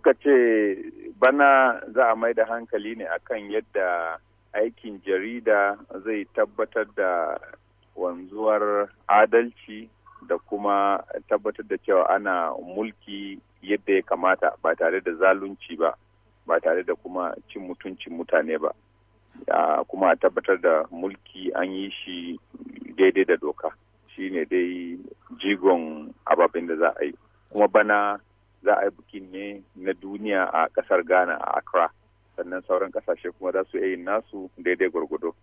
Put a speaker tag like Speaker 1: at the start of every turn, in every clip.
Speaker 1: suka ce bana za a mai da hankali ne akan yadda aikin jarida zai tabbatar da wanzuwar adalci da kuma tabbatar da cewa ana mulki yadda ya kamata ba tare da zalunci ba ba tare da kuma cin mutuncin mutane ba kuma tabbatar da mulki an yi shi daidai da doka shine dai jigon ababen da za a yi kuma bana za a yi bikin ne na duniya a kasar ghana a accra sannan sauran kasashe kuma za su yi nasu daidai gwargwado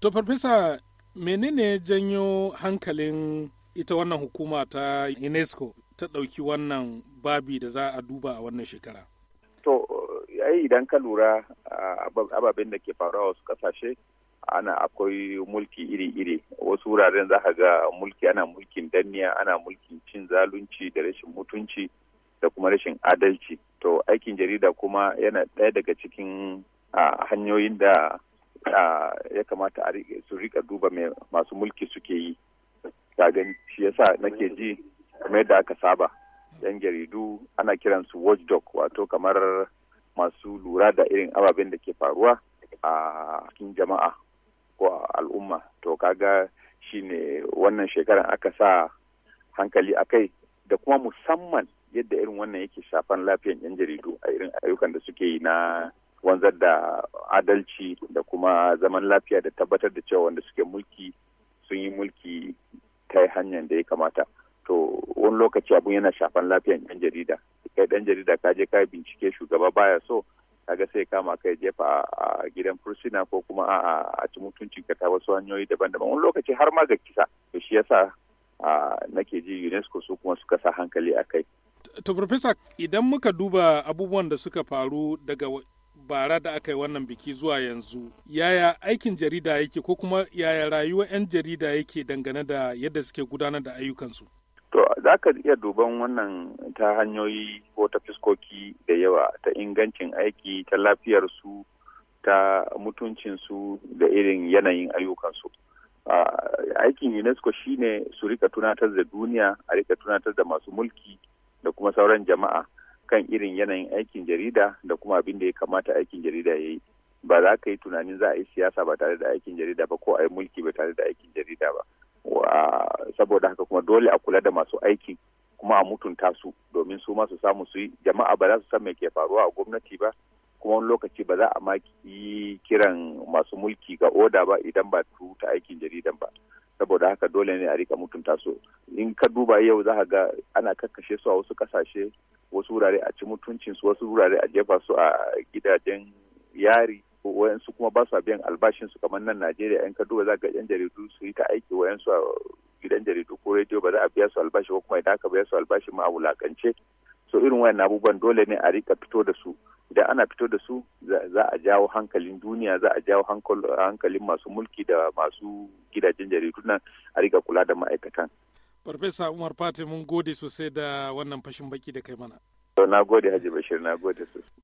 Speaker 2: to farfesa menene janyo hankalin ita wannan hukuma ta unesco ta ɗauki wannan babi da za a duba a wannan shekara
Speaker 1: to yayi idan ka lura ababen da ke faruwa wasu kasashe ana akwai mulki iri-iri wasu wuraren za ga mulki ana mulkin danniya ana mulkin cin zalunci da rashin mutunci da kuma rashin adalci to aikin jarida kuma yana ɗaya daga cikin hanyoyin da ya kamata a su rika duba masu mulki suke yi gani shi yasa nake ji kamar yadda aka saba yan jaridu ana kiransu watchdog wato kamar masu lura da irin ababen da ke faruwa a cikin jama'a ko al'umma to kaga shine wannan shekaran aka sa hankali a kai da kuma musamman yadda irin wannan yake shafan lafiyan 'yan jaridu a irin ayyukan da suke yi na wanzar da adalci da kuma zaman lafiya da tabbatar da cewa wanda suke mulki sun yi mulki ta hanyar da ya kamata to wani lokaci abun yana shafan lafiyan 'yan jarida kai dan jarida ka je ka bincike shugaba baya so kaga sai kama kai jefa a gidan fursuna ko kuma a ci mutuncin ka ta wasu hanyoyi daban-daban wani lokaci har ma ga kisa to shi yasa nake ji UNESCO su kuma suka sa hankali a kai
Speaker 2: to profesa idan muka duba abubuwan da suka faru daga bara da aka yi wannan biki zuwa yanzu yaya aikin jarida yake ko kuma yaya rayuwa 'yan jarida yake dangane da yadda suke gudanar da ayyukansu
Speaker 1: to za ka iya duban wannan ta hanyoyi ko ta fiskoki da yawa ta ingancin aiki ta lafiyarsu ta mutuncinsu da irin yanayin ayyukansu aikin unesco shine su rika tunatar da duniya a rika tunatar da masu mulki da kuma sauran jama'a kan irin yanayin aikin jarida da kuma abin da ya kamata aikin jarida ya yi ba za ka yi tunanin za a yi siyasa ba tare da aikin jarida ba ko a yi mulki ba tare da aikin jarida ba saboda haka kuma dole a kula da masu aiki kuma a mutunta su domin su ma su samu su yi jama'a ba za su san me ke faruwa a gwamnati ba kuma wani lokaci ba za a ma yi kiran masu mulki ga oda ba idan ba ta aikin jaridan ba saboda haka dole ne a rika mutunta su in ka duba yau za ga ana kakkashe su a wasu kasashe wasu wurare a ci mutuncin su wasu wurare a jefa su a gidajen yari wayansu kuma ba su biyan albashin su kamar nan Najeriya in ka duba za ga yan jaridu su yi ta aiki wayansu a gidan jaridu ko rediyo ba za a biya su albashi ko kuma idan aka biya su albashi ma a wulakance so irin wayan abubuwan dole ne a rika fito da su idan ana fito da su za a jawo hankalin duniya za a jawo hankalin masu mulki da masu gidajen jaridu nan a riga kula da ma'aikatan.
Speaker 2: Farfesa Umar Fati mun gode sosai da wannan fashin baki da kai mana.
Speaker 1: Na gode Hajji Bashir, na gode sosai.